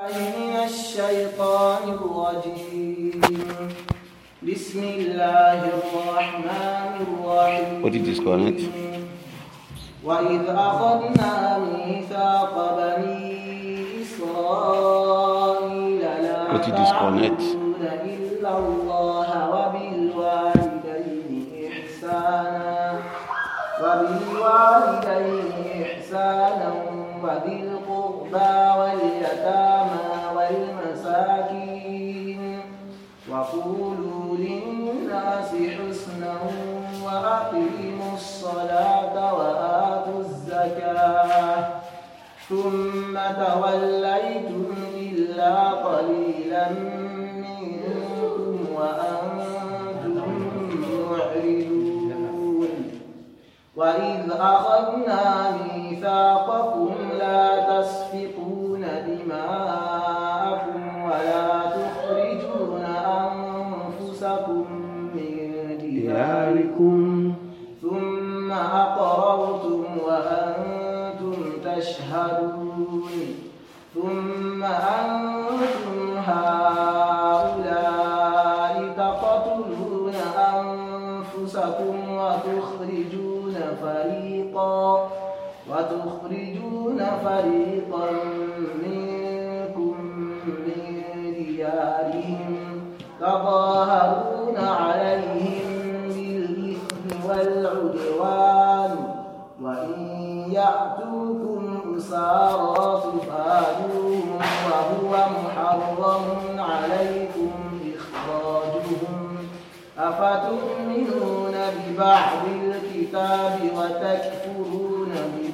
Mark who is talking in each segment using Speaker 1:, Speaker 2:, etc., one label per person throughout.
Speaker 1: من الشيطان الرجيم بسم الله الرحمن الرحيم What did this it? وإذ أخذنا ميثاق بني إسرائيل لا What did this it? إلا الله وبالوالدين إحسانا وبالوالدين إحسانا وذي القربى ثم توليتم إلا قليلا منكم وأنتم معرضون وإذ أخذنا ميثاقكم لا تسفقون يشهدون ثم أن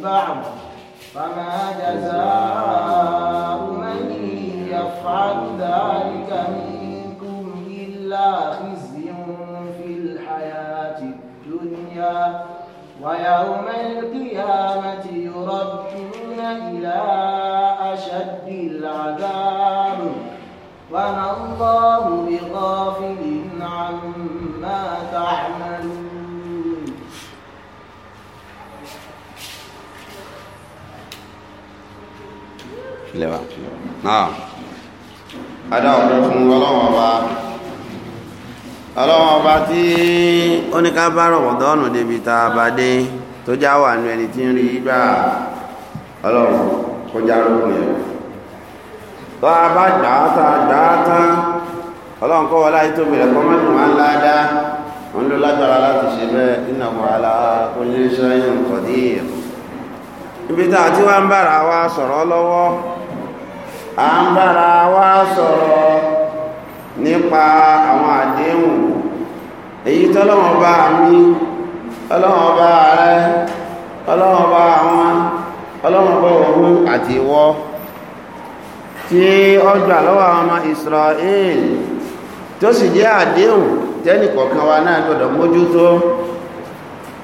Speaker 1: بعض فما جزاء من يفعل ذلك منكم إلا خزي في الحياة الدنيا ويوم القيامة يردون إلى أشد العذاب وما الله بغافل عما تعمل
Speaker 2: ilẹ̀ ah. wa fún ọlọ́wọ́n ọba ọlọ́wọ́n ọba tí ó ní ká bá débi tá a bá dé tó já wà nù ẹni tí ń rí gbà ọlọ́wọ́n kọjá lókun yẹn tó a bá gbà á tá gbà á tán ọlọ́wọ́n kọ́ wọlé ayé tó wa sọ̀rọ̀ lọ́wọ́ a ń wa sọ̀rọ̀ nípa àwọn àdéhùn èyí tọ́lọ́wọ́n bá mi ọlọ́wọ́n bá rẹ ọlọ́wọ́n bá wọn ọlọ́wọ́n bá òun àti ìwọ tí ọjọ́ àlọ́wọ́ ọmọ Israel tó sì jẹ́ àdéhùn tẹ́nì kọ̀ọ̀kan wa náà gbọ́dọ̀ mójútó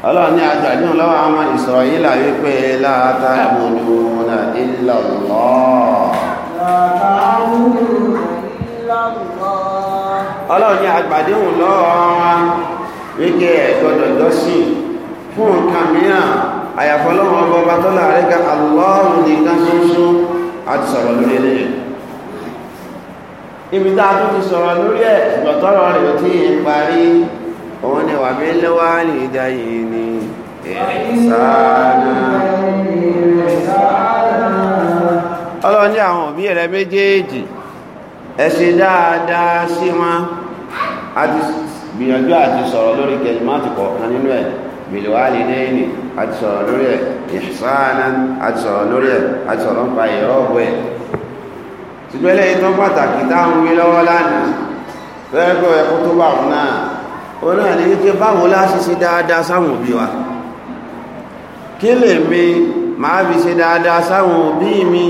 Speaker 2: àjọ àdéhùn lọ́wọ́ ọmọ Israel ọlọ́run ní agbàdéhùn lọ́wọ́ wíkẹ́ ẹ̀gbọ́dọ̀ jọ́sìn fún nǹkan mìíràn àyàfọ́lọ́wọ́ ọba tó láàrẹ́ ga àlọ́run nìkan ṣoṣo àti sọ̀rọ̀ lórí eléyìí ibi tá a tún ti sọ̀rọ̀ lórí ẹ̀ ṣùgbọ́n tọ́rọ̀ rẹ̀ tí ì parí òun ni wàmí lẹ́wà nìdáyìí ni ẹ̀ sáà náà ọlọ́run ní àwọn òbí rẹ méjèèjì ẹ ṣe dáadáa sí wọn àti gbìyànjú àti sọ̀rọ̀ lórí kẹlìmọ́tì kọ̀ọ̀kan nínú ẹ̀ bìlìwálì lẹ́yìn àti sọ̀rọ̀ lórí ẹ̀ ìṣáná àti sọ̀rọ̀ lórí ẹ̀ àti sọ̀rọ̀ nípa ìrọ́bù ẹ̀ ṣùgbọ́n eléyìí tó pàtàkì táwọn wí lọ́wọ́ lánàá lẹ́gbẹ̀ẹ́ ẹ̀kọ́ tó bá wọn náà ó náà ní wípé báwo láti ṣe dáadáa sáwọn òbí wa kí lèmi màá fi ṣe dáadáa sáwọn òbí mi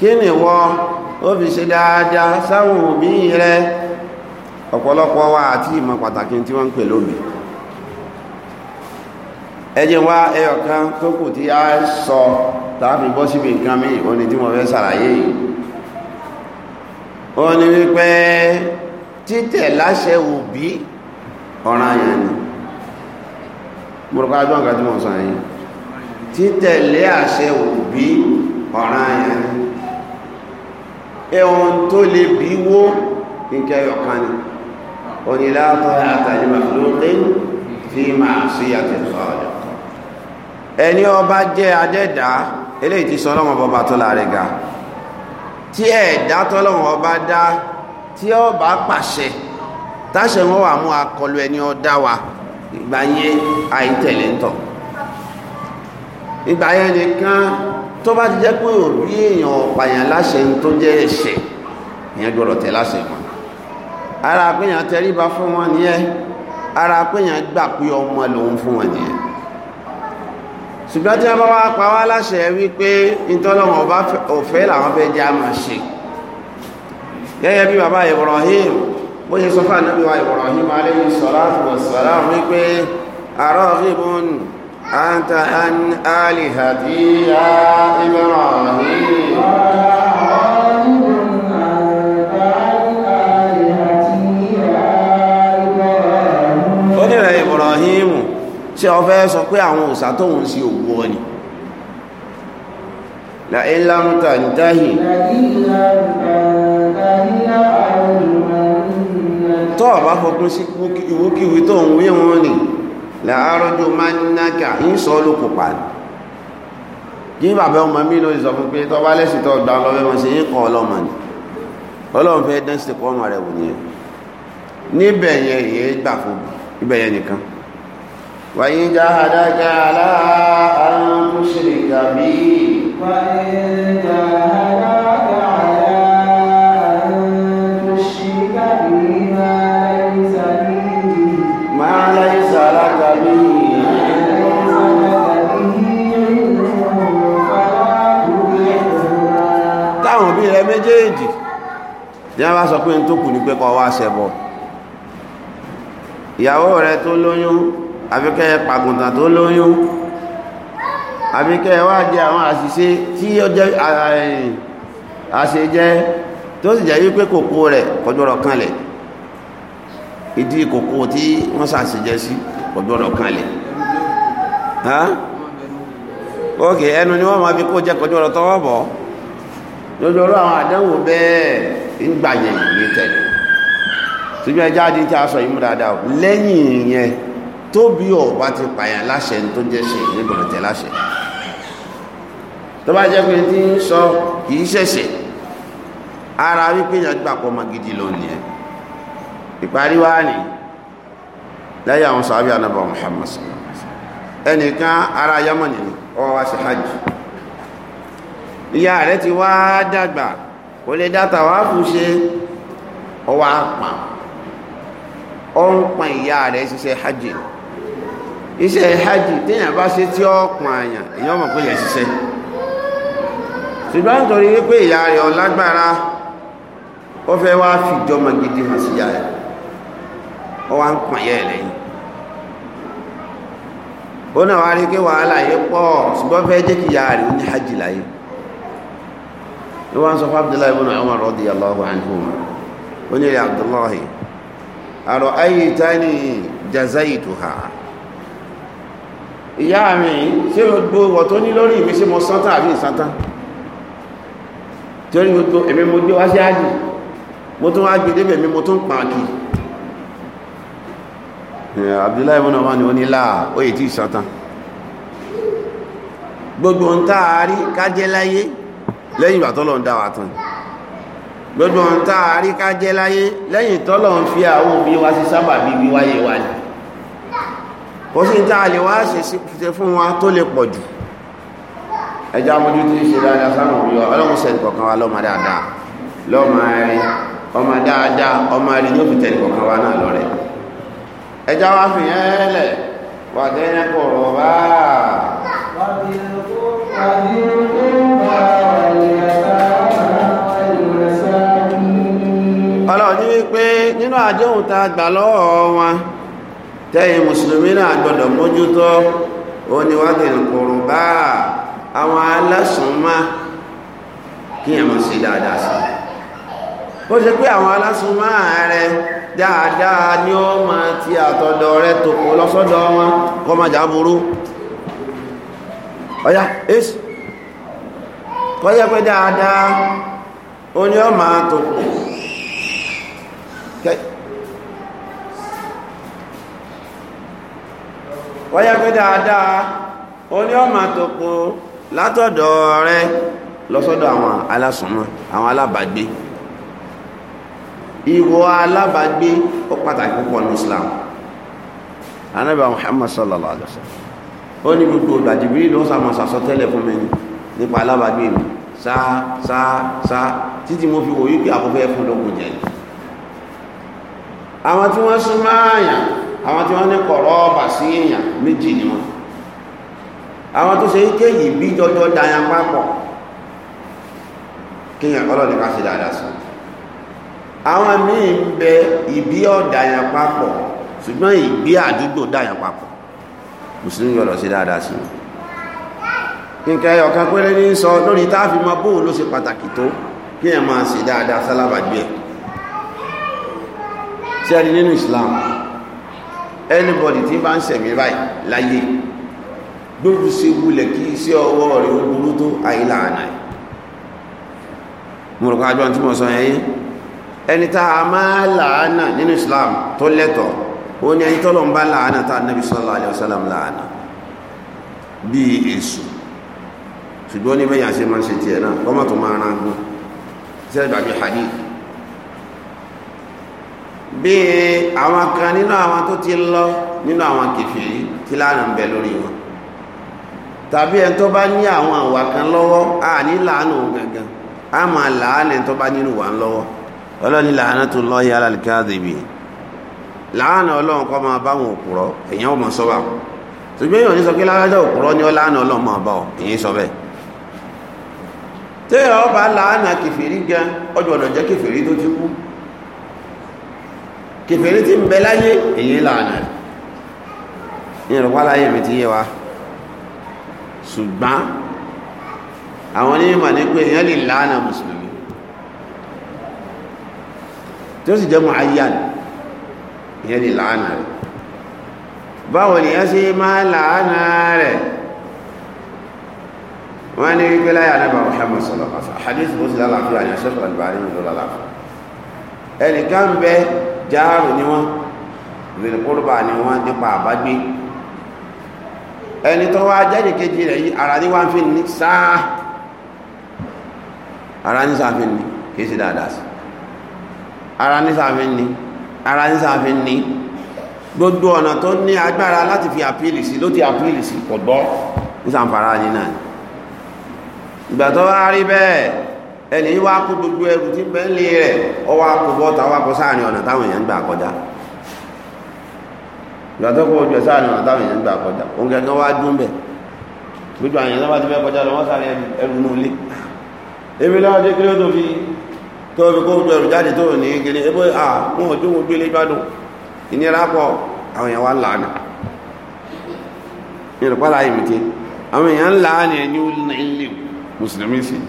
Speaker 2: Kini ni wọ́n ó fi ṣe dáadáa sáwọn òbí rẹ ọ̀pọ̀lọpọ̀ wa àti ìmọ̀ pàtàkì tí wọ́n ń pè lóbi ẹjẹ́ wá tó kù tí a sọ tàbí bọ́ síbi nǹkan onye òní tí mo fẹ́ yìí ní wípé títẹ̀ láṣẹ ni mo rò ajọ́ nǹkan tí sọ yìí ẹ̀hùn tó lè bí wó nǹkan ẹyọkan ni onílá tọ́lá àtàlímà lóòtẹ́ fi máa sí àtẹ̀sọ́ ọ̀dọ̀ ẹni ọba jẹ́ adẹ́dàá eléyìí ti sọ lọ́wọ́ bọba tó láre ga tí ẹ̀dá tọ́lọ́wọ́ ọba dá tí ọba pàṣẹ táṣẹ wọn wà mú akọlù ẹni ọdá wa ìgbà yẹn àìtẹ̀lé nìkan tó bá ti jẹ́ pé òbí èèyàn ọ̀pàyàn láṣẹ ń tó jẹ́ ẹ̀ṣẹ̀ ìyẹn gbọ́dọ̀ tẹ̀ láṣẹ wọn ara péyàn tẹríba fún wọn nìyẹn ara péyàn gbà pé ọmọ lòun fún wọn nìyẹn ṣùgbọ́n tí wọ́n bá wá pa wá láṣẹ wípé ìtọ́lọ́wọ́n ọba ọ̀fẹ́ làwọn fẹ́ jẹ́ àmà ṣe gẹ́gẹ́ bí bàbá Ibrahim bó ṣe sọ fún ànábì wa Ibrahim alayhi salatu wassalam wípé àrọ́ ọ̀hìn أنت عن آلهتي يا إبراهيم onírẹ̀ Ibrahim ṣé o fẹ́ sọ pé àwọn òsà tó ń ṣe òwú ọ ni la ilamta ntahi tó ọ̀bá fọkún sí ìwókíwí tó ń wé wọn ni láàrọ́jọ́ máa ń náka ń sọ lókò pàdé kí bàbá ọmọ mi lórí sọ fún pé tó si lẹ́sìn tó gbà lọ́wọ́ wọn ṣe ń kọ́ ọlọ́mọ ni ọlọ́run fẹ́ dán sí kọ́ ọmọ rẹ̀ wò nìyẹn níbẹ̀ yẹn èyí gbà fún ibẹ̀ yẹn nìkan wàyí já àdájá aláà àrùn ṣe gàbí
Speaker 1: wàyí
Speaker 2: já àdájá ya bá sọ pé n tó kù ní pé kọ́ wá ìyàwó rẹ tó lóyún àfikẹ́ pàgùntàn tó lóyún àfikẹ́ wá jẹ àwọn àṣìṣe tí ó jẹ́ àṣejẹ tó sì jẹ́ wípé kòkó rẹ̀ kọjọ́rọ̀ kanlẹ̀ ìdí kòkó tí wọ́n ṣàṣejẹ sí kọjọ́rọ̀ kanlẹ̀ ẹnu ni wọ́n máa fi kó jẹ́ kọjọ́rọ̀ tọwọ́ bọ̀ àwọn àdánwò bẹ́ẹ̀ nígbà yẹn ìwé tẹ̀lé síbi ẹja adi tí a sọ yìí mú dáadáa lẹ́yìn yẹn tóbi ọba ti pààyàn láṣẹ tó jẹ́ ṣe nígbàdàn tẹ̀ láṣẹ tó bá jẹ́ pé tí ń sọ kì í ṣẹ̀ṣẹ̀ ara wípé yẹn gbà pọ̀ ọmọ gidi lọ nìyẹn ìparí wa ni lẹ́yìn àwọn sàbí anábà Muhammad ẹnìkan ara Yamani ọwọ́ wa ṣe hajj ìyá rẹ̀ ti wá dàgbà kò lè dá tàwáàfù ṣe ọwọ́ àpà ó ń pa ìyá rẹ̀ ṣiṣẹ́ hajj iṣẹ́ hajj téèyàn bá ṣe tí ó pọn àyàn èèyàn mọ̀ pé yẹn ṣiṣẹ́ ṣùgbọ́n nítorí wípé ìyá rẹ̀ ọlágbára ó fẹ́ wá fìjọmọ gidi hàn síyá rẹ̀ ó wá ń pọn ìyá rẹ̀ yìí ó náà wá rí pé wàhálà yìí pọ̀ ṣùgbọ́n fẹ́ jẹ́ kí ìyá rẹ̀ ó ní hajj láyé wọ́n sọ fún abdullahi ibn umar radiyallahu anhuma ó ní ilẹ̀ abdullahi àrọ̀ ayé tani jazaituha ìyá mi ṣé gbogbo wọ̀ tó ní lórí mi ṣe mo sántán àbí ìsántán torí gbogbo èmi mo gbé wá sí ájì mo tún wá gbé débẹ̀ mi mo tún pàákì abdullahi ibn umar ni ó ní láà ó yẹ tí ìsántán gbogbo ń tá a rí kájẹ́ láyé lẹ́yìn ìgbà tọ́lọ̀ ń tán gbogbo ohun tá a rí ká jẹ́ láyé lẹ́yìn tọ́lọ̀ ń fi àwọn òbí wa sí sábà bíbí wáyé wa ni kò sí tá a fún wa tó lè pọ̀ jù ẹjọ́ amójú tí ṣe dáadáa sáwọn òbí wa ọlọ́run wa lọ́mọ dáadáa lọ́mọ ẹ̀rí ọmọ dáadáa ọmọ ẹ̀rí yóò wa fi yẹn lẹ̀ wà kọ̀ọ̀rọ̀ bá. pé nínú àdéhùn tá a gbà lọ́wọ́ wọn tẹ́yìn mùsùlùmí náà gbọ́dọ̀ mójútó òun ni wọ́n ti ń kúrò bá àwọn alásùnmá kí ẹ̀mọ̀ sí dáadáa sí ó ṣe pé àwọn alásùnmá rẹ dáadáa ni ó máa ti àtọ̀dọ̀ rẹ tòkó lọ́sọ́dọ̀ wọn kọ́ máa jà burú ọ̀yá èsì kọ́ yẹ pé dáadáa ó ní ó máa tòkó wáyé pé dáadáa ó ní ọmọ tó po látọ̀dọ̀ rẹ lọ́sọ́dọ̀ àwọn alásùnmọ́ àwọn alábàgbé ìwọ alábàgbé ó pàtàkì púpọ̀ ní Islam anábà Muhammad sallallahu alaihi wasallam ó ní gbogbo gbàjìbìrì ló ń sàmọ sàsọtẹ́lẹ̀ fún mi nípa alábàgbé mi sá sá sá títí mo fi wòye pé àkọ́fẹ́ fún lókun jẹ àwọn tí wọ́n sún máa àwọn tí wọ́n ní kọ̀rọ̀ ọba sí èèyàn méjì ni wọ́n àwọn tó ṣe ike yìí bí jọjọ daya papọ̀ kíyàn ọlọ́ni ká ṣe dáadáa sí àwọn míì ń bẹ ìbí ọ̀dàyàn papọ̀ ṣùgbọ́n ìgbé àdúgbò dàyàn papọ̀ mùsùlùmí yọ̀lọ̀ ṣe dáadáa sí nǹkan ọ̀kan péré ní sọ lórí táàfi losi pataki ló ṣe pàtàkì tó kíyàn máa ṣe dáadáa sálábàgbé ẹ̀ ṣẹ́ni nínú ìsìláàmù anybody tí bá ń sẹ̀mí báyìí láyé gbogbo ṣe wulẹ̀ kí iṣẹ́ ọwọ́ rẹ̀ ó burú tó àìlà àná ẹ̀ mo rò kájọ tí mo sọ yẹn yé ẹni tá a máa làánà nínú Islam tó lẹ́tọ̀ọ́ ó ní ẹni tọ́lọ̀ ń bá làánà tá Nabi sallallahu alaihi wasallam làánà bíi èṣù ṣùgbọ́n ní bẹ́yà ṣe máa ń ṣe tiẹ̀ náà kọ́mọ̀tò máa rán gbọ́n ṣẹ́ẹ̀dàgbé hadith bí àwọn kan nínú àwọn tó ti lọ nínú àwọn kèfèrí tí lánàá ń bẹ lórí wọn tàbí ẹni tó bá ní àwọn àwà kan lọ́wọ́ a ní làánù gangan a máa làánù tó bá nínú wà ń lọ́wọ́ ọlọ́ni làánù tó lọ́ yára làánù ọlọ́run kọ́ máa bá wọn ni ọlàánù ọlọ́run máa bá ọ èyí sọ bẹ́ẹ̀ ọba làánù gan ọjọ́ ọ̀dọ̀ jẹ́ tó ti kú kèfèrí tí ń bẹ láyé èyí lànà ìrọ̀pá láyé mi ti yé wa ṣùgbọ́n àwọn onímọ̀ ní pé èyàn lè lànà mùsùlùmí tí ó sì jẹ́ mọ̀ ayán èyàn lè lànà rẹ̀ báwo ni a ṣe máa lànà rẹ̀ wọ́n ní wípé láyé anábà Muhammad sallallahu alaihi wasallam hadith bó ní ṣẹ́kọ̀ọ́ albani jáàrù ni wọ́n ìrìnkúrúbà ni wọ́n nípa àbágbé ẹni tó wá jáde kejì rẹ̀ yìí ara ní wá ń fi ní sáà ara ní sáà fi ní kìí ṣe dáadáa sí ara ní sáà fi ní ara ní sáà fi ní gbogbo ọ̀nà tó ní agbára láti fi àpíìlì sí ló ti àpíìlì sí kò gbọ́ ní sàǹfàrà yìí náà ìgbà tó wá rí bẹ́ẹ̀ ẹni wá kó gbogbo ẹrù tí bẹ́ẹ̀lì rẹ̀ ọwọ́ akọ̀bọ́ta wá kọ sáàrin ọ̀nà táwọn èèyàn gbà kọjá ìgbàtọ́kọ̀ ojú ẹ̀ sáàrin ọ̀nà táwọn èèyàn gbà kọjá òun gẹ́gẹ́ wá dún bẹ̀ gbogbo lọ́wọ́ ti fẹ́ kọjá lọ wọ́n ẹrù nù lé ebi lọ́wọ́ kí ló tó fi tó fi kó ẹrù jáde tó ní kiri ebo à gbélé gbádùn ìnira pọ̀ àwọn èèyàn wá ìrùpàlà ìmìtì àwọn èèyàn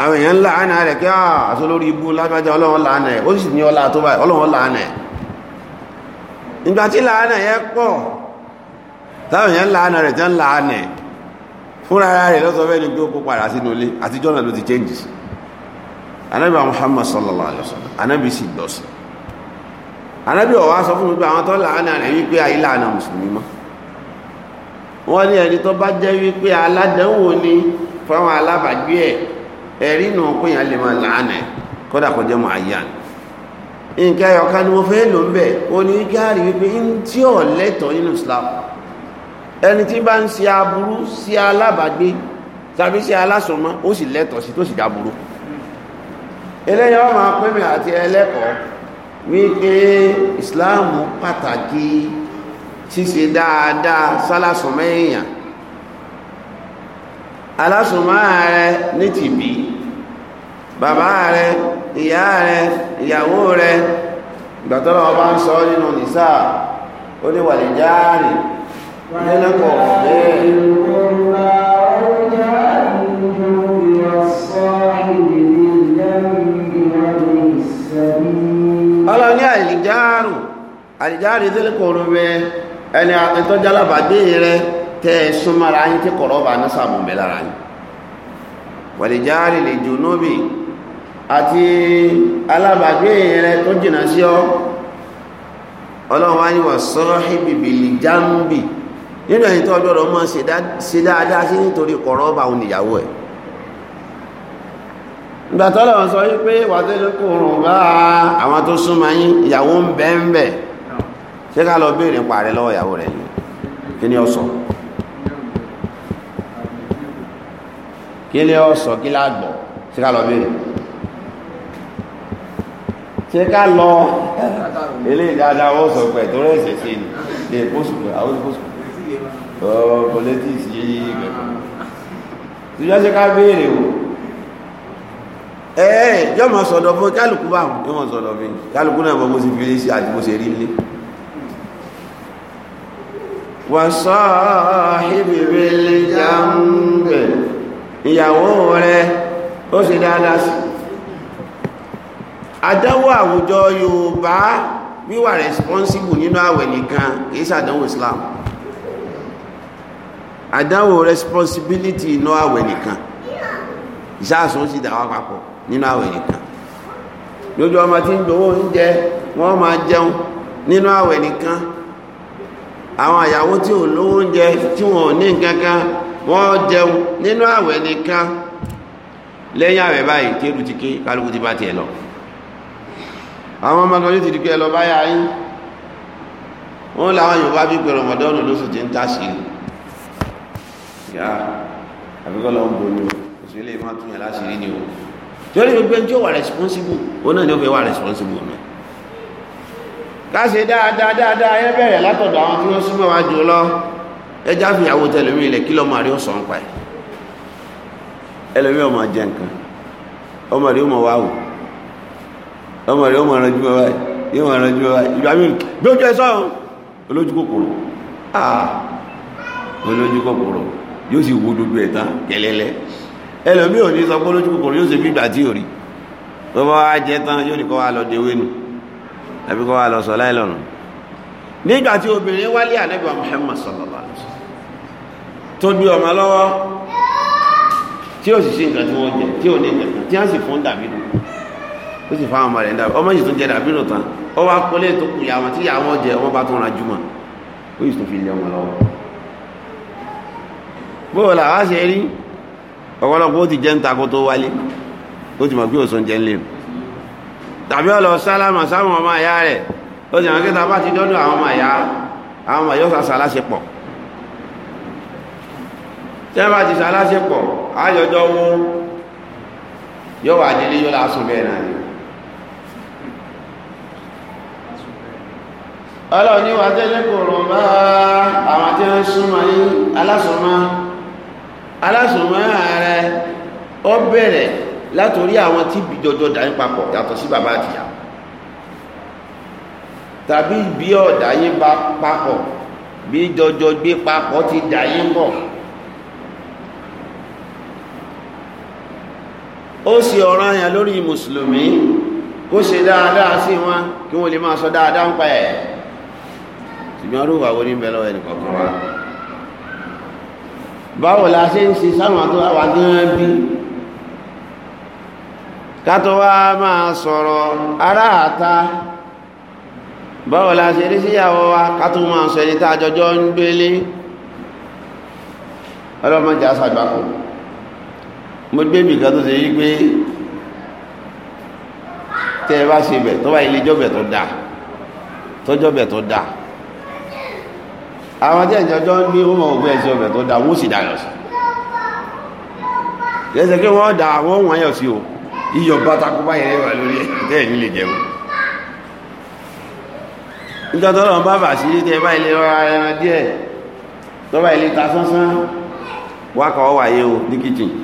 Speaker 2: àwọn èèyàn ńlá àná rẹ̀ kí àṣọ ah, lórí ibú lágbájá ọlọ́run làánà ẹ̀ ó sì ní ọlá tó báyìí ọlọ́run làánà ẹ̀ ìgbà tí làánà yẹn pọ̀ táwọn èèyàn làánà rẹ̀ tán làánà ẹ̀ fúnra ara rẹ̀ lọ́sọ fẹ́ ni pé ó kó padà sínú ilé àtijọ́ náà ló ti change anábì Muhammad sallallahu alayhi wa sallam anábì sì gbọ́ sí anábì ọ̀wá sọ ẹ̀rí nù pé yẹn lè máa làánà kódà kò jẹ́ mọ̀ àyà nǹkan ni mo fẹ́ lò ń bẹ̀ ní gáàrí wípé Islam ẹni tí bá ń aburu aburú sí alábàgbé tàbí sí alásọmọ ó sì lẹ́tọ̀ọ́ sí tó sì dáburú eléyà Islam èèyàn alásùnmọ́ rẹ ní tìbí bàbá rẹ ìyá rẹ ìyàwó rẹ ìgbàtọ́lọ̀ ọba ń sọ nínú nìsá ó ní wà lè jáàrì nílẹ́kọ̀ bẹ́ẹ̀ ọlọ́ni àlìjáàrù àlìjáàrù ìdílé rẹ ẹni àtẹ́tọ́jálàbàgbé rẹ tẹ́ ẹ súnmọ́ra yín tí kọ̀rọ̀ bá ní sàmù bẹ́ lára yín wàlìjáàrì lè jù nóbì àti alábàágbé rẹ tó jìnnà sí ọ ọlọ́run wá ní wà sọ́rọ́ ìbìbì lè jáǹbì nínú ẹ̀yìn tó ọjọ́ rẹ̀ máa ṣe dáadáa sí nítorí kọ̀rọ̀ bá òun ìyàwó ẹ̀ ìgbà tó lọ́wọ́ sọ wípé wàdélé kò rùn bá àwọn tó súnmọ́ yín ìyàwó ń bẹ́ẹ̀ ń bẹ̀ ṣé ká lọ béèrè parẹ́ lọ́wọ́ ìyàwó rẹ̀ yìí kí ni ó sọ kí lè ọ̀sọ̀ kí lágbọ̀ ṣe ká lọ béèrè ṣe ká lọ ilé ìdáadáa wọ́n sọ pé tó rẹ̀ ṣẹ̀ṣẹ̀ ni lè pósù pé àwọn pósù politics yìí gbẹ̀gbẹ̀ tìjọ́ ṣe ká béèrè o ẹ̀ẹ́ yọ́ mọ̀ sọ̀dọ̀ fún kálukú bá wọn yọ́ mọ̀ sọ̀dọ̀ fún kálukú náà mọ̀ bó ṣe fi ṣe àti bó ṣe rí lé wàṣọ́ ìbìbí lè jẹun bẹ̀rẹ̀ ìyàwó rẹ ó sì dáadáa sí àdánwò àwùjọ Yorùbá wíwà responsible nínú àwẹ̀ nìkan kìí ṣàdánwò Islam àdánwò responsibility inú àwẹ̀ nìkan ìṣàsùn sì dáwà papọ̀ nínú àwẹ̀ nìkan lójú ọmọ tí ń gbowó oúnjẹ wọn máa jẹun nínú àwẹ̀ nìkan àwọn àyàwó tí ò lówó oúnjẹ tí wọn ò ní nǹkan kan wọ́n jẹun nínú àwẹ̀ nìkan lẹ́yìn àwẹ̀ báyìí tẹ́lú ti ké kálukú ti bá tiẹ̀ lọ àwọn ọmọ kan yóò ti di pé ẹ lọ báyà yín wọ́n làwọn Yorùbá bí pé rọmọdọ́nù lóṣù tí ń tà sí i yá àbíkọ́ lọ́n bomi o oṣù ilé má tún yẹn láṣìírí ni o torí gbogbo ẹni tí ó wà responsible òun náà ni ó fẹ́ wà responsible náà ká ṣe dáadáa dáadáa ẹ bẹ̀rẹ̀ látọ̀dọ̀ àwọn tí wọ́n súnmọ́ wájú lọ ẹja fìyàwó tẹ lómi ilẹ̀ kí lọ́mọ àrí ọ̀sán pa ẹ̀ ẹlòmí ọmọ jẹ nǹkan ọmọ rí ọmọ wáwò ọmọ rí ọmọ ọ̀rànjú bàbá yìí ọmọ ọ̀rànjú bàbá yìí ìgbà mi bí ojú ẹ sọ̀rọ̀ olójú kòkòrò ah olójú kòkòrò yóò sì wo gbogbo ẹ̀ tán kẹlẹ́lẹ́ ẹlòmí ò ní sọ pé olójú kòkòrò yóò ṣe bí ìgbà tí ò rí bàbá wa jẹ tán yóò ní kọ́ wa lọ dewé nu àbí kọ́ wa lọ sọ láìlọ́nà nígbà tí obìnrin wálé ànábì wa Muhammad sallallahu alaihi wasallam tó gbé ọmọ lọ́wọ́ tí ó sì ṣe nǹkan tí wọ́n jẹ tí ò ní nǹkan tí wọ́n sì fún dàbí nù ó sì fáwọn ọmọ rẹ̀ ń dàbí ọmọ yìí tó jẹ dàbí nù tán ó wá kọ́lé tó kù yà wọn tí yà wọn jẹ wọn bá tún ra jùmọ̀ ó yìí tó fi lé ọmọ lọ́wọ́ bóò là wá ṣe rí ọ̀pọ̀lọpọ̀ ó ti jẹ́ ń takò tó wálé ó ti mọ̀ pé òsùn jẹ́ ń lè tàbí ọ̀lọ́ sálámà sáwọn ọmọ àyá rẹ̀ ó ti mọ̀ a bá ti dọ́dọ̀ tẹ́ bá ti sàlásẹ̀pọ̀ ayọ̀jọ́ wọn yóò wà délé yóò lásùn bẹ́ẹ̀ náà yìí ọlọ́run ní wà tẹ́lẹ̀ kò rọ̀ bá àwọn tí wọ́n súnmọ́ ní alásùnmọ́ alásùnmọ́ ààrẹ ó bẹ̀rẹ̀ látòrí àwọn tí ìbíjọjọ dà ń papọ̀ yàtọ̀ sí bàbá àtìyà tàbí ìbí ọ̀dà yín bá papọ̀ bí jọjọ gbé papọ̀ ti dà pọ̀ ó sì ọ̀ràn yà lórí mùsùlùmí kó ṣe dáadáa sí wọn kí wọ́n lè máa sọ dáadáa ń pa ẹ̀ ṣùgbọ́n ọdún wà ní bẹ̀rẹ̀ ọ̀rẹ́ nìkọ̀ọ̀kan wa báwo la ṣe ń ṣe sáwọn tó wà gan bí ká tó wá máa sọ̀rọ̀ aráàta báwo la ṣe rí síyàwó wa ká tó máa sọ ẹni tá a jọjọ́ ń gbélé ọlọ́mọdé aṣàgbàkùn mo gbé mi kan tó ṣe yí pé tẹ́ ẹ bá ṣe bẹ̀ tó bá ilé jọ́bẹ̀ tó dáa tọ́jọ́bẹ̀ tó dáa àwọn tẹ́ ìjọjọ́ ń gbé ó mọ̀ ògbé ẹ̀sẹ̀ ọbẹ̀ tó dáa wọ́n sì dáyọ̀ sí lẹ́sẹ̀ kí wọ́n dáa wọ́n wọ́n yọ̀ sí o iyọ̀ bátakú bá yẹn wà lórí tẹ́ ẹ̀ nílé jẹun nítọ́tọ́lọ́ bá bà sí tẹ́ bá ilé rọra ẹran díẹ̀ tọ́ba ilé ta sánsán wákọ̀ ọwà o ní kìtìn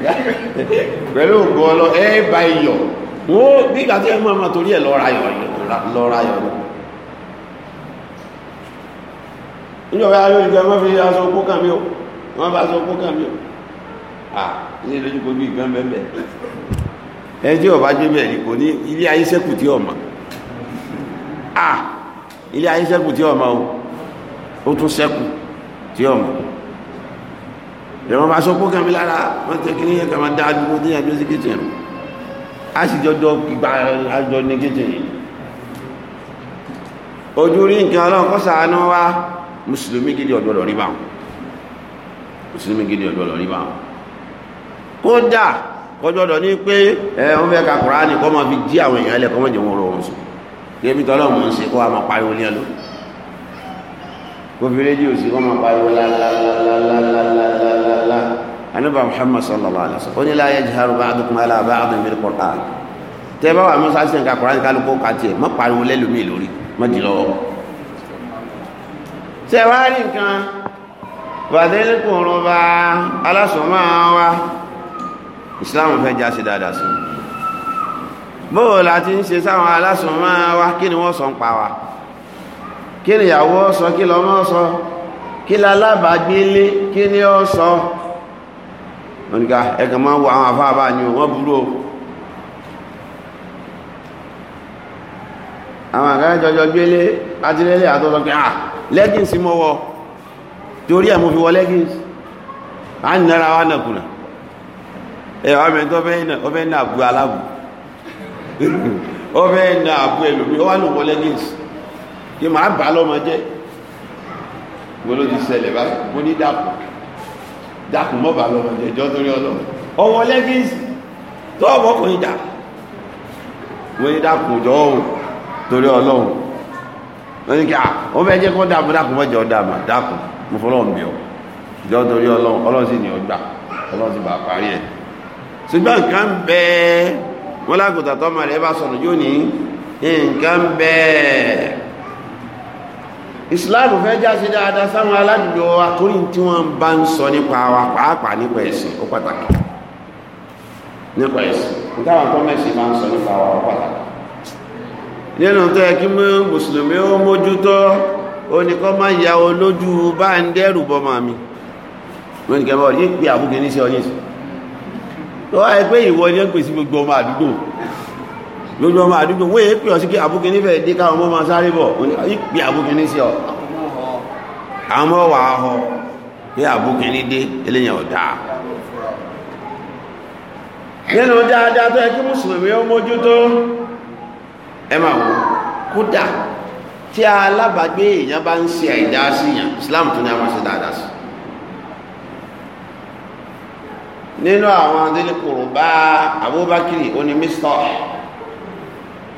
Speaker 1: pẹ̀lú ògbó ọlọ ẹ bá iyọ̀
Speaker 2: wọ́n nígbà tí ẹ mọ́ ọmọ torí ẹ̀ lọ́ra yọ̀ lọ́ra yọ̀ wọ́n fi aṣọ okó kàn o wọ́n bá aṣọ okó kàn o à ilé lójú kò bí ìgbọ́n bẹ́ẹ̀ ẹ tí ọba jẹ́ bẹ́ẹ̀ ni kò ní ilé ayé sẹ́kù tí ọmọ ah ilé ayé sẹ́kù tí ọmọ o ó tún sẹ́kù tí ọmọ ìrọ̀mọ́ bá sọ pọ́kàn mi lára wọ́n tẹ kí ní yẹn kàmá dá àdúgbò tí yẹn gbèsè kìtìn rù a sì jọjọ gbà àjọ ní kìtìn yìí ojú rí nǹkan ọlọ́run kọ́ sàánú wa mùsùlùmí gidi ọ̀dọ́ lọ rí bá wọn mùsùlùmí gidi ọ̀dọ́ lọ rí bá wọn kódà kọjọ́ dọ̀ ní pé ẹ wọ́n fẹ́ ka Kùránì kọ́ máa fi jí àwọn èèyàn lẹ̀ kọ́ máa jẹun ọ̀rọ̀ wọn sùn kí ebi tọ́lọ́ mọ̀ ń ṣe kó wa máa pariwo ní ẹ gbogbo rédíò sí wọ́n máa pariwo lálálálálálálálá anábà muhammad sallallahu alaihi wasallam onílà ayé jihar ba'dukum ala ba'd bil qur'an tẹ bá wà mọ́ sáà sẹ́ǹkà kọ̀ọ̀rán kálukú kàtì ẹ̀ mọ́ pariwo lẹ́lòmíì lórí mọ́ dì lọ́wọ́ tẹ wá rí nǹkan bàdélé kò rún bá aláṣọ máa wá ìsìláàmù fẹ́ já sí dáadáa sí bóòlù àti ń ṣe sáwọn aláṣọ máa wá kí ni wọ́n wa. kí ni ìyàwó sọ kí lọ́mọ sọ kí kí ni ọ sọ ni ká ẹ̀kàn máa ń wo àwọn àfáàbá ni wọ́n burú o àwọn àkàrẹ́ jọjọ gbélé àtọ́sọ pé ah leggings mọ́ wọ torí ẹ̀ mo fi wọ leggings a ń nara wa nàkùnà ẹ̀ wà nà àbú alábù nà àbú ẹlòmí ó wà wọ kí màá bà á lọ́mọ jẹ́ wọ́n ti ṣẹlẹ̀ báyìí mo ní dàpọ̀ dàpọ̀ mọ́ bà lọ́mọ jẹ́ jọ́ torí ọlọ́run ọwọ́ lẹ́gíǹsì tó ọmọkùnrin dà wọ́n ní dàpọ̀ jọ́ òun torí ọlọ́run wọ́n ní kí à wọ́n fẹ́ jẹ́ kó dàpọ̀ dàpọ̀ mọ́ jọ dàmà dàpọ̀ mo fọlọ́run bí ọ jọ torí ọlọ́run ọlọ́run sì ní ọgbà ọlọ́run sì bà parí ẹ̀ ṣùgbọ́n nǹkan bẹ́ẹ̀ wọ́n lágùntàn tọ́mọ rẹ̀ bá sọ̀rọ̀ yóò ní nǹkan bẹ́ẹ̀ islam fẹ́ jáse dáadáa sáwọn aládùúgbò wa torí tí wọ́n bá ń sọ nípa wa pàápàá nípa ẹ̀sìn ó pàtàkì nípa ẹ̀sìn nítawọn tó mẹ́sìn bá ń sọ nípa wa ó pàtàkì nínú tó yẹ kí mú mùsùlùmí ó mójútó oníkọ́ máa ya olójú bá ń dẹ́rù bọ́ máa mi wọ́n ní kẹ́mọ́ yí pé àbúkẹ́ ní sí ọyẹ́sì tó wáyé pé ìwọ ni ó pèsè gbogbo ọmọ àdúgbò lójú ọmọ àdúgbò wọ́n èé pè ọ sí kí abúkiní fẹ́ dé káwọn ọmọ máa sáré bọ̀ ìpè abúkiní sí ọ àwọn ọmọ wà á họ pé abúkiní dé eléyàn ọ̀dà nínú dáadáa tó yẹ kí mùsùlùmí ó mójútó ẹ máa wò kódà tí alábàágbé èèyàn bá ń ṣe àìdá sí yàn Islam tó ní a máa ṣe dáadáa sí nínú àwọn adélé kòrò bá Abubakar oní mr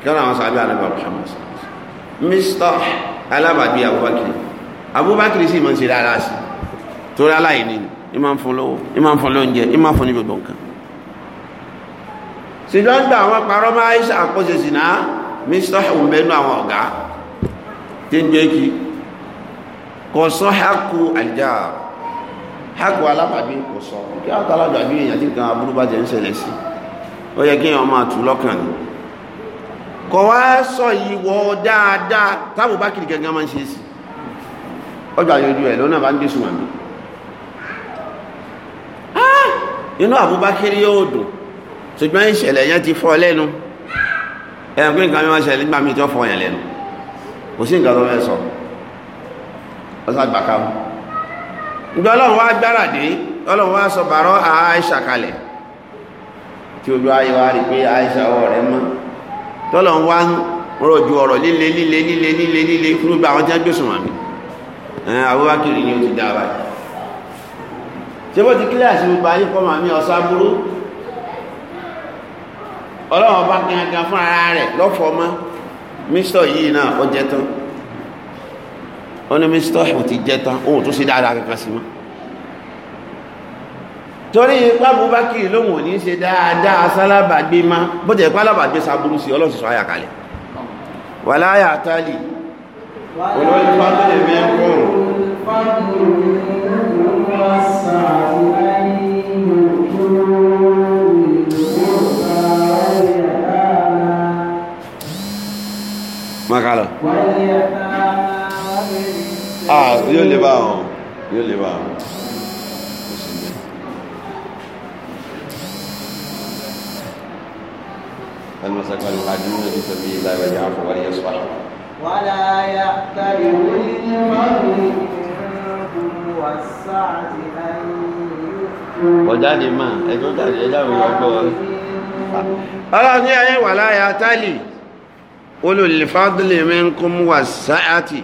Speaker 2: kíọ́nà àwọn sàbí alábà Muhammad mista alábàbí Abubakar Abubakar sì máa ń ṣe dáadáa sí torí aláìní ni ìmá ń fún lọ́wọ́ ìmá ń fún lóúnjẹ ìmá ń fún ní gbogbo nǹkan ṣùgbọ́n gba àwọn parọ́ máa ń ṣàkóso sí náà mista ọ̀hùnbẹ́nu àwọn ọ̀gá tí ń jẹ́ kí kò sọ hákù àjà hákù alábàbí kò sọ kí á tọ́lábàbí èèyàn tí kan aburú bá jẹ́ ń ṣẹlẹ̀ sí ó yẹ kí èèyàn máa tù lọ́kàn ni kọ̀ wá sọ ìwọ dáadáa táwọn bá kiri gẹ́gẹ́ máa ń ṣe sí ọjọ́ àyọjú ẹ̀ lọ́nà bá ń dẹ́sùn àmì ah! inú àbúbákírí yóò dùn ṣùgbọ́n ìṣẹ̀lẹ̀ yẹn ti fọ́ lẹ́nu ẹ̀rùn pé nǹkan mi wọ́n ṣẹlẹ̀ nígbà mi tó fọ́ yẹn lẹ́nu kò sí nǹkan tó fẹ́ sọ ọ̀sán àgbàká mu ìgbà ọlọ́run wá gbára dé ọlọ́run wá sọ bàárọ̀ Àìṣà kalẹ̀ tí ojú ayé wa rí pé Àìṣà ọwọ́ rẹ̀ mọ́ tọ́lọ̀ ń wá rọ̀ ju ọ̀rọ̀ líle líle líle líle líle fún gbogbo àwọn tí wọ́n gbèsùn wọn mi Abubakar ni ó ti dá wa ṣé bó ti kíláàsì gbogbo ayé kọ́ màmí ọ̀sá burú ọlọ́run ọba gangan fún ara rẹ̀ lọ́fọ̀ọ́ mọ́ mísítọ̀ yìí náà ó jẹ tán ó ní mísítọ̀ ó ti jẹ tán òun tó ṣe dáadáa torí ipá bubakiri lóhùn òní ṣe dáadáa sálábàgbé má bó jẹ́ ipá lábàgbé sàbúrú sí ọlọ́sì sọ àyàkalẹ̀ wà láyà tálì olóòlùfà tó lè mẹ́ kọ́rùn Ah, yo lè bá wọn, yóò lè من مسك في سبيل الله ويعفو ويصفح
Speaker 1: ولا يأتل أولي منكم والسعة أن
Speaker 2: يؤتوا وجعل ما أجود الإجابة والقول ọlọ́run ní ayé wà láyà tálì olùlìfàdùlì mẹ́kún wà sáàtì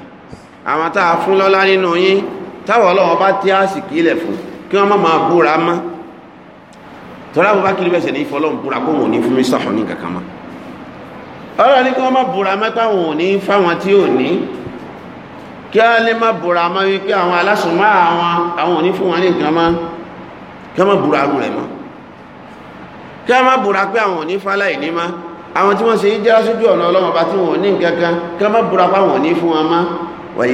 Speaker 2: àwọn táà fún lọ́lá nínú yín táwọn ọlọ́wọ́ bá tí a sì kílẹ̀ fún kí wọ́n máa búra mọ́ tọ́lá Abubakar bẹ̀sẹ̀ ní fọlọ́n búra kó wọn ò ní fún mi sọ̀hún ní kankan mọ́ ọ̀rọ̀ ni kí wọ́n má búra mẹ́pà wọn ò ní fáwọn tí ò ní kí wọ́n lè má búra mọ́ wípé àwọn alásùnmọ́ àwọn àwọn ò ní fún wọn ní nǹkan mọ́ kí wọ́n má arú rẹ̀ kí wọ́n má pé àwọn ò ní ma àwọn tí wọ́n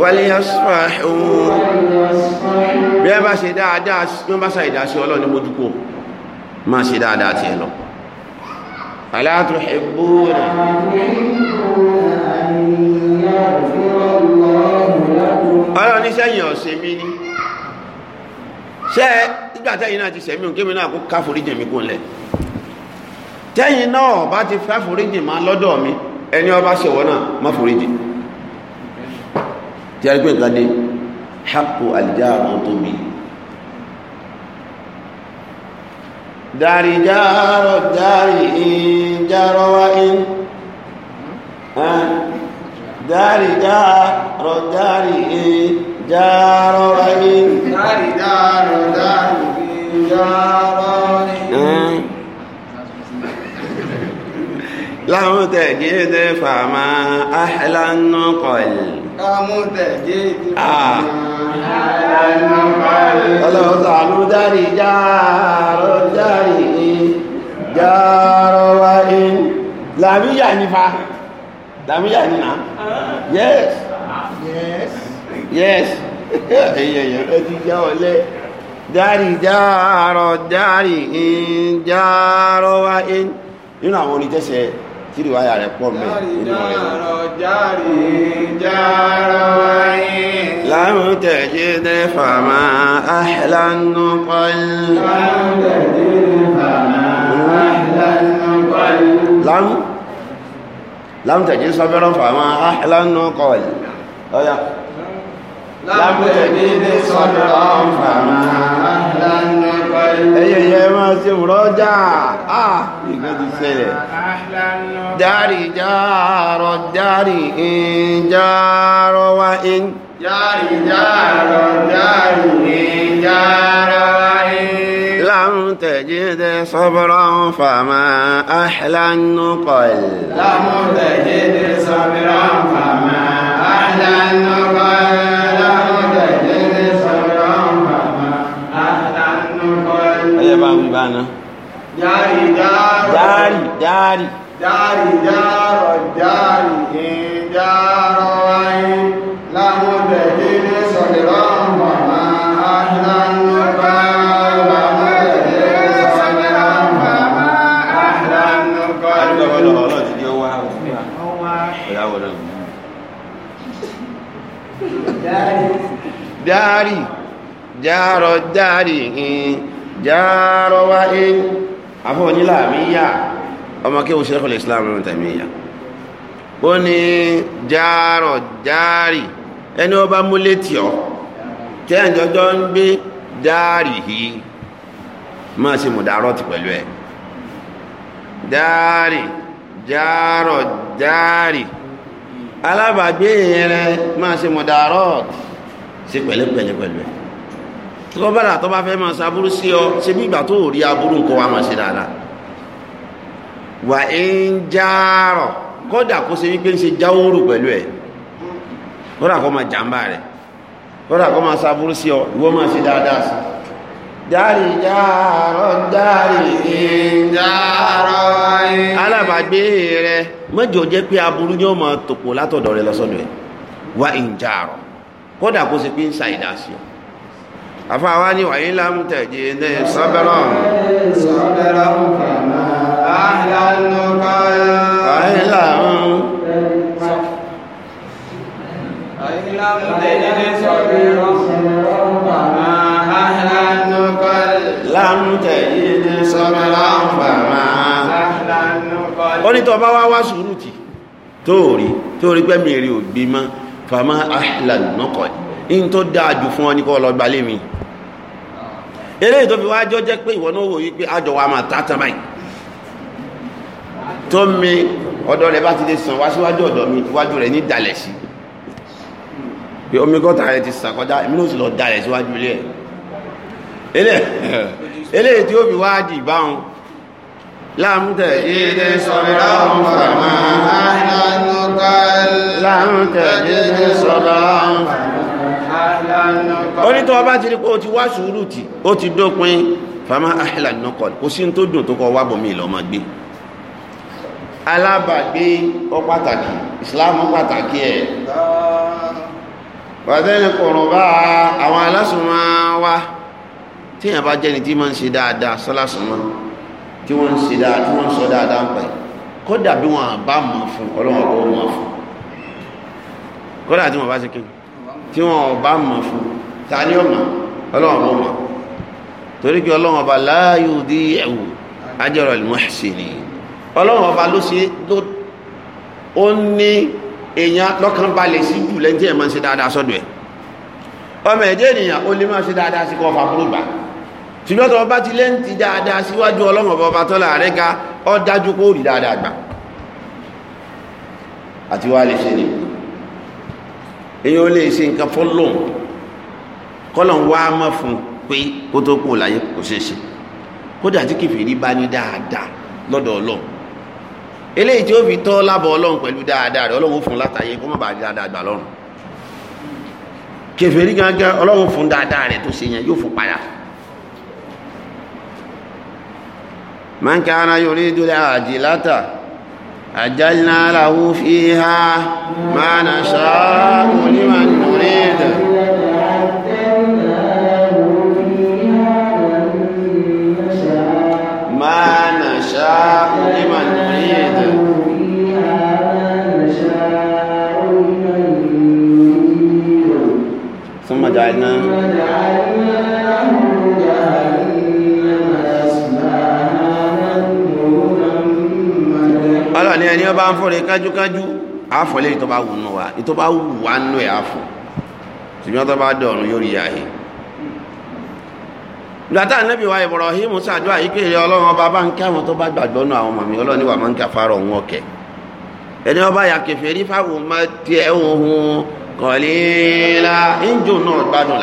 Speaker 2: wàlíyàsíwáhùn bí ẹ bá ṣe dáadáa bí wọ́n bá ṣe ìdásí ọlọ́run ní mojúkó máa ṣe dáadáa tiẹ̀ lọ aláàtò ẹ̀bùn ọlọ́run ní sẹ́yìn ọ̀sẹ̀ mi ní ṣe ìgbà tẹ́yìn náà ti sẹ̀mí òkè mi náà kó káforíjì mi kó lẹ̀ tẹ́yìn náà bá ti fẹ́ foríjì máa lọ́dọ̀ mi ẹni ọba ṣèwọ́ náà ma foríjì tí a gbé nǹkan dé hapò àlìjáàrú ó tóbi dari jaaro dari in jaaro wa in dari jaaro dari in jaaro in dari jaaro dari in jaaro in. لو تجد فما أحلى النقل لو تجد فما أحلى النقل ولو تعلو داري جار داري جار وإن لم يعني فا لم يعني نعم
Speaker 1: yes yes
Speaker 2: yes ẹ̀dì jẹ́ ọ̀lẹ́ dárì járọ̀ dárì in járọ̀ wá in nínú àwọn onítẹ́sẹ̀ẹ́ tí ìwà yà rẹ̀ pọ̀ mẹ́ onímọ̀ rẹ̀. láwọn tẹ̀jẹ́ ní fàmà àhìlánú pọ́lì. láwọn tẹ̀jẹ́ ní fàmà àhìlánú pọ́lì. láwọn tẹ̀jẹ́ sọ́bẹ̀rọ̀ fàmà àhìlánú pọ́lì. ọ̀yà. láwọn tẹ̀jẹ́ sọ́bẹ̀rọ̀ fàmà àhìlánú pọ́lì ẹyẹ yẹn máa ṣe mùrọ́jà á nǹkan ti ṣẹlẹ̀ járì járọ̀ járì ìjárọ̀ wa in. járì járọ̀ járì ìjárọ̀ wa in. لم تجد صبرا فما أحلى النقل لم تجد صبرا فما أحلى النقل ẹ bá ń gbaná. dáàrì dáàrì dáàrì dáàrì dáàrọ̀ dáàrì
Speaker 1: ìdáàrọ̀ wáyé lámúdẹ̀
Speaker 2: délé sọ̀rọ̀ ọmọ àhìlánú bá lámúdẹ̀ délé sọ̀rọ̀ ọmọ àhìlánú bá. alùpàdé ọlọ́ọ̀ ti di ọwọ́ àwọn ọmọ ìyàwó rẹ̀. dáàrì dáàrì dáàrọ̀ dáàrì ìhìn járọwá ẹ e, afọ́ onílà mi yá ọmọ kí wọ́n ṣẹ́kọ̀ọ́ islam lọ́nà tẹ̀mí yá ó ní járọ járì ẹni ọba múlétì ọ tẹ́ ǹjọ́jọ́ ń gbé járì yìí máa ṣe mùdárọ̀tì pẹ̀lú ẹ̀ járì járọ járì alábàgbé rẹ máa ṣe mùdárọ̀tì ṣe pẹ̀lẹ́pẹ̀lẹ́ pẹ̀lú ẹ̀ tọ́bàlà tó bá fẹ́ máa ṣaburú sí ọ ṣe bí ìgbà tó rí aburú nǹkan wa máa ṣe dáadáa wà ń jáàrọ̀ kódà kó ṣe wípé ń ṣe jáwórù pẹ̀lú ẹ̀ kódà kó máa jàǹbá rẹ̀ kódà kó máa ṣaburú sí ọ ìwọ máa ṣe dáadáa sí dáàrí jáàrọ̀ dáàrí ìjáàrọ̀ alábàgbé rẹ mẹ́jọ jẹ́ pé aburú ni ó máa tòpò látọ̀dọ̀ rẹ lọ́sọ̀dọ̀ ẹ̀ wà ń jáàrọ̀ kódà kó ṣe pé ń ṣàìdá sí ọ àfáwá ní wàyí lámùtẹ̀jì ní sọ́bẹ̀rọ̀ sọ́bẹ̀rọ̀ fàmà àhìlánúkọ́yà lámùtẹ̀jì ní sọ́bẹ̀rọ̀ fàmà onítọ̀ bá wá wá sùúrù tì tóòrí tóòrí pẹ́mìrì ògbímọ́ fàmà àhìlánúkọ́yà in tó dáa jù fún ọ ní kọ́ lọ gbalé mi Ere tó fi wá jọ jẹ́ pé ìwọ náà wò yí pé àjọ wa máa ta tán báyìí mi ọ̀dọ̀ rẹ̀ bá ti lè sàn wá síwájú ọ̀dọ̀ mi iwájú rẹ̀ ní dalẹ̀ sí pé omi gọ́ta rẹ̀ ti sàkọjá èmi náà sì lọ dalẹ̀ síwájú ilé ẹ̀ eléyìí tí ó fi wá di ìbáhùn láàmútẹ̀ ìdè sọ̀rọ̀ àwọn fàmà àìlànà kàlẹ̀ láàmútẹ̀ ìdè sọ̀rọ̀ àwọn fàmà ó ní tó o bá ti rí pé o ti wá sùúrù tì ó ti dópin fama ahila nọkọ kò sí tó dùn tó kọ wá bọ̀ mí lọ́mọ gbé alábàgbé ó pàtàkì Islam pàtàkì ẹ̀ wàtẹ́ni kọ̀rọ̀ àwọn alásùnmọ́ wá tí yàn jẹ́ni tí máa ń ṣe dáadáa sọ́lásùnmọ́ tí wọ́n ń dáadáa tí wọ́n sọ dáadáa ń pẹ̀ kódà bí wọ́n bá mọ̀ fún ọlọ́wọ́n bọ́ mọ̀ fún kódà tí wọ́n bá ṣe kéwì tí wọn ò bá mọ̀ fún ta ni ọmọ ọlọ́run mọ̀ mọ̀ torí pé ọlọ́run ọba láàyò dí ẹ̀wù ajọ́rọ̀ ìmọ̀ ṣe ni ọlọ́run ọba ló ṣe ló ó ní èèyàn lọ́kàn balẹ̀ sí jù lẹ́jẹ́ ẹ̀ máa ń ṣe dáadáa sọ́dọ̀ ẹ̀ ọmọ ẹ̀jẹ̀ ènìyàn ó lè máa ṣe dáadáa sí kọ́ ọ̀fà kúrúgbà ṣùgbọ́n tó ọba ti lẹ́ǹtì dáadáa síwájú ọlọ́run ọba tọ́lá rẹ̀ ga ó dájú kó rí dáadáa gbà àti wá lè ṣe nìyí èyí ó lè ṣe nǹkan fọ́lọ́n kọ́lọ̀ ń wá mọ́ fún pé kó tó kú láyé kò ṣeé ṣe kódà tí kìfìrí bá ní dáadáa lọ́dọ̀ ọlọ́run eléyìí tí ó fi tọ́ lábọ̀ ọlọ́run pẹ̀lú dáadáa rẹ̀ ọlọ́run ó fún látàyè kó má bàa dáadáa gbà lọ́run kèfèrí gángan ọlọ́run fún dáadáa rẹ̀ tó ṣe yẹn yóò fún padà man kana yuridu al-ajilata عجلنا له فيها ما نشاء لمن نريد bá ń a rẹ̀ kájúkájú àfọ̀lẹ́ ìtọ́ bá wù nù wa ìtọ́ bá wù wá nù ẹ̀ àfọ̀ ṣùgbọ́n tó bá dọ̀rùn yóò rí ààyè gbàtà nẹ́bí wa yìí kéèrè ọlọ́run ọba bá ń kí àwọn tó bá gbàgbọ́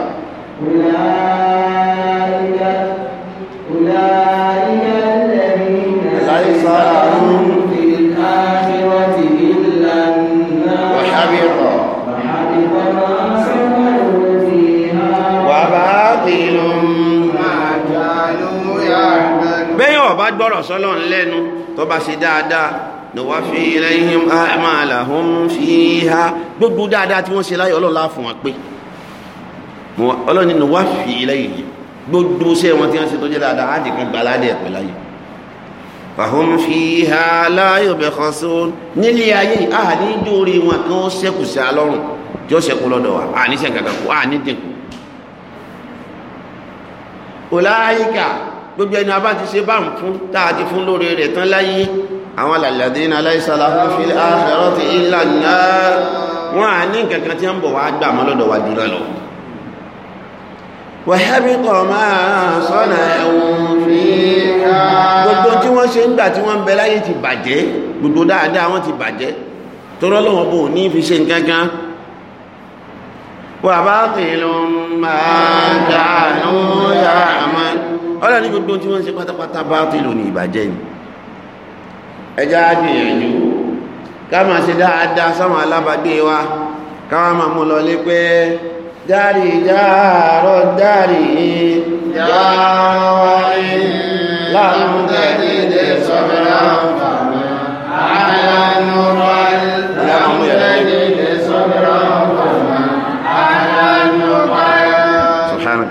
Speaker 2: tó bá ṣe dáadáa nuwaffi ilayhim a'malahum fiha gbogbo dáadáa tí wọ́n ṣe láyé ọlọ́run la fún wọn pé ọlọ́run ni nuwaffi ilayhim gbogbo iṣẹ́ wọn tí wọ́n ṣe tó jẹ́ dáadáa á dìkan gba aládé ẹ̀pẹ́ láyé fahum fiha la yubkhasun nílé ayé àníjó orí wọn kan ó ṣẹ́kù sí alọ́run tí ó ṣẹ́kù lọ́dọ̀ wa àníṣẹ́ kankan kú ànídìkù. ọ̀la ayíkà gbogbo ẹni abá ti ṣe bá ń fún dáadé fún lórí rẹ̀ tán láyé àwọn alàlàdínà aláìsàlá fún fi àṣẹrọ ti ilà náà wọn à ní kankan tí wọn bọ̀ wá gbà mọ́ lọ́dọ̀ wá dúró lọ. wàhábí kọ̀ máa sọ́nà ẹ̀wọ̀n ọlọ́run ní gbogbo tí wọ́n ń ṣe pátápátá bá tó ìlú ní ìbàjẹ́ ni ẹjá gbìyànjú ká máa ṣe dáadáa sáwọn alábàgbé wa ká wá máa mú lọ lé pé dárì dáàrọ̀ dárì dáwà láàmúdẹ́dẹ́dẹ́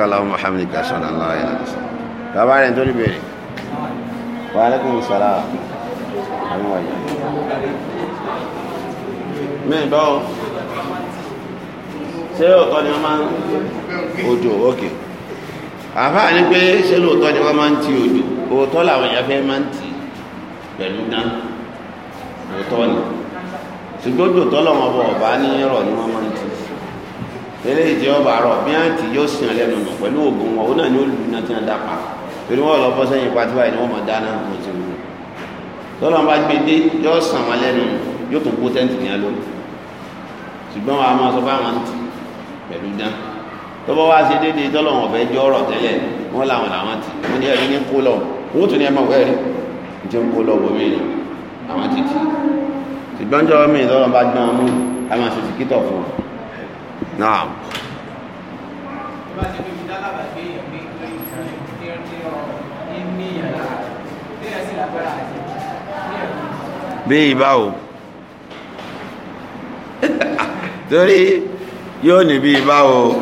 Speaker 2: اللهم وبحمدك اشهد ان لا اله bàbá rẹ̀ tó níbèrè wà lẹ́kùn sàrà àwọn wàyí mẹ́rin báwo ṣé òótọ́ ni o máa ń òjò òkè àfáà ní pé ṣé lóòótọ́ ni wọ́n máa ń o òjò òótọ́ làwọn èèyàn fẹ́ máa ń tì pẹ̀lú dán òótọ́ ni ṣùgbọ́n òjò tọ́lọ́wọ́n ọba ọba o rọ̀ ni wọ́n máa ń tì eléyìí tí ọba rọ̀ bí wọ́n ti yóò sìn lẹ́nu pẹ̀lú òògùn wọn ó náà ni ó lù náà ti ń dá pa torí wọn lọ bọ́ sẹ́yìn pati báyìí ni wọ́n máa dáná mo ti wù lọ́nà bá gbé dé yọ sàn wọn lẹ́nu yóò tún kó tẹ́ǹtì ní alóhùn ṣùgbọ́n wa máa sọ fáwọn ti pẹ̀lú dán tọ́bọ̀ wá sí déédéé tọ́lọ́wọ̀n ọ̀bẹ jọ ọ̀rọ̀ tẹ́lẹ̀ wọ́n làwọn làwọn ti wọ́n ní ẹ̀rí ní kó lọ wọ́n tún ní ẹ̀ máa wẹ́ rí ní ti ń kó lọ wọ́n mìíràn àwọn ti ti ṣùgbọ́n jọ mí lọ́rọ̀ bá gbọ́n mú a máa ṣe sìkítọ̀ fún un. bíi báwo torí yóò ní bíi báwo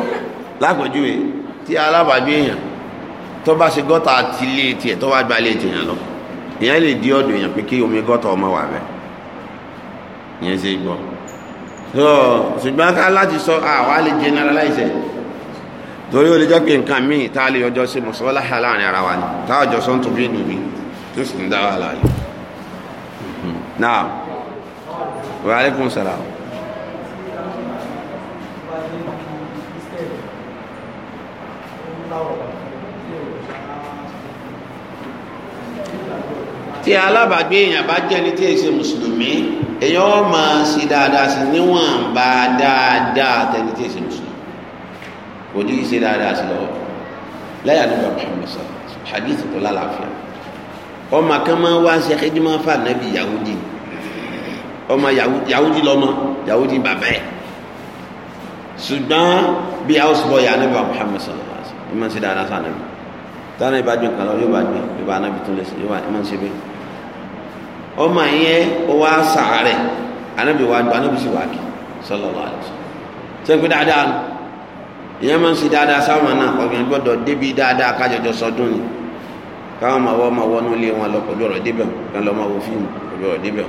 Speaker 2: lápèjúwe tí alábàájú èèyàn tó bá ṣe gọ́tà ti lé tiẹ̀ tó wá gba lé tiẹ̀ lọ èèyàn lè di ọ̀dọ̀ èèyàn pé kí omi gọ́tà ọmọ wà bẹ́ẹ̀ ìyẹn ṣe gbọ́ ṣùgbọ́n ká láti sọ àwa lè generalize torí ó lè jẹ́ pé nǹkan míì tá a lè yọjọ́ sí mọ̀sọ́lá láàrin ara wa ni táwọn jọ sọ́ńtò bí nìyí tó sì ń dá wà láàyè naam wa alaikum salaam. tí alábàágbé èèyàn bá jẹ́ ní tí èyí ṣe mùsùlùmí èèyàn ó máa ṣe dáadáa sí níwọ̀n bá dáadáa tẹ́ni tí èyí ṣe mùsùlùmí kò ní í ṣe dáadáa sí lọ́wọ́ lẹ́yìn àdúgbò Muhammad sallallahu alaihi hadith tó lálàáfíà ọmọ kan máa ń wá ṣe kéjìmọ́ fà nàbí yahudi ọmọ yahudi lọ́mọ yahudi bàbá ẹ̀ ṣùgbọ́n bí house boy anabi wa muhammed sallallahu alaihi wa sallam ìmọ̀ sí dáadáa sáà nàbí táwọn ẹ̀ bá gbé nǹkan lọ yóò bá gbé yóò bá anabi tó lè ṣe yóò bá ìmọ̀ sí bẹ́ẹ̀ ọmọ yẹn ó wá sàárẹ̀ anabi wa gba anabi sì wá kí sallallahu alaihi wa sallam ṣé pé dáadáa ìyẹn máa ń ṣe dáadáa sáwọn náà ọ̀gbìn gbọ́dọ̀ débi dáadáa kájọjọ sọdún ni káwọn máa wọ́ máa wọ́nú ilé wọn lọ pẹ̀lú ọ̀rọ̀ débẹ̀ kan lọ́ máa wo fíìmù pẹ̀lú ọ̀rọ̀ débẹ̀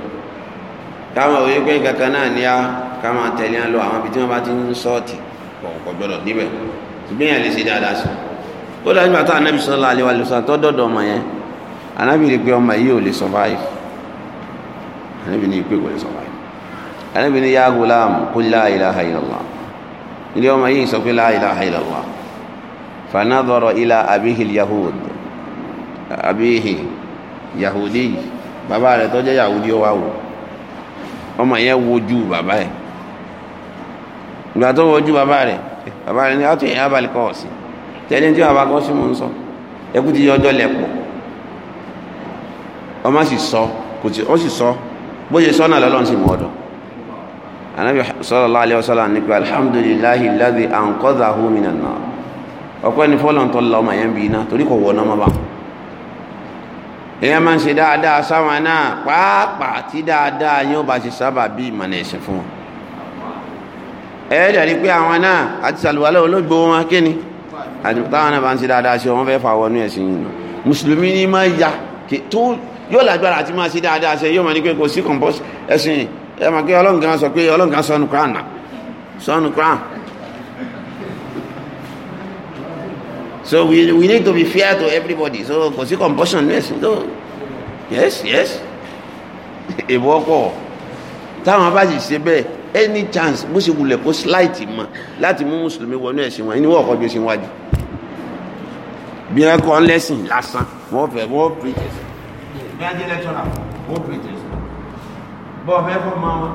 Speaker 2: káwọn òye pé kankan náà ní á káwọn tẹ̀lé wọn lọ àwọn ibi tí wọ́n bá ti ń sọ́ọ̀tì pọ̀ gbọ́dọ̀ débẹ̀ ìgbéyàn lè ṣe dáadáa sí ó dájú bàtà anábì sọ́lá alẹ́ wa lè sọ àtọ́ dọ̀dọ̀ ọmọ yẹn anábì rí pé ọmọ yìí ò lè survive anábì ní ìpè kò lè abihi yahudi bàbá rẹ̀ tó jẹ́ yahudi ó wá wò ọmọ yẹn wojú bàbá ẹ̀ ìgbà tó wojú bàbá rẹ̀ bàbá rẹ̀ ní àtúnyẹ̀ yẹn abalẹ̀ kọ́ ọ̀sìn tẹ́lẹ̀ tí bàbá kan sí mò ń sọ ẹkú ti yọ ọjọ́ lẹ̀pọ̀ ọmọ sì sọ kò tí ó sì sọ bó ṣe sọ náà lọ́lọ́run sì mú ọdọ̀ anabi sallallahu alaihi wasallam ní pé alhamdulillahi alladhi anqadhahu minan nar ọpẹ́ ní fọ́lọ́n tó lọ́mọ yẹn bí iná torí kò wọ́n náà má bá èèyàn máa ń ṣe dáadáa sáwọn náà pàápàá tí dáadáa yóò bá ṣe sábà bí ìmọ̀nà ẹ̀sìn fún wọn ẹ̀ẹ́dẹ̀ rí pé àwọn náà àti sàlùwálẹ̀ olóògbò wọn kí ni táwọn náà bá ń ṣe dáadáa ṣe wọn fẹ́ fà wọnú ẹ̀sìn yìí nù mùsùlùmí ni máa ya tó yóò lágbára àti máa ṣe dáadáa ṣe yóò máa ní pé kò sí kọ̀ǹpọ́sì ẹ̀sìn ẹ̀ máa kí ọlọ́nkan sọ pé ọlọ́nkan sọnù kran sọnù kran so we, we need to be fair to everybody so kò sí compulsion nurse no yes yes èèwọ̀ pọ̀ táwọn bá sì ṣe bẹ́ẹ̀ any chance bó ṣe wulẹ̀ kó slight mọ̀ láti mú mùsùlùmí wọnú ẹ̀sìn wọn ẹni wọ́n kọjú sí wájú bí wọ́n kọ́ lẹ́sìn lásán wọ́n fẹ́ wọ́n preach ẹ̀sìn bí wọ́n jẹ́ lecturer wọ́n preach ẹ̀sìn bọ́ọ̀ fẹ́ fọ́ mọ́ wọn.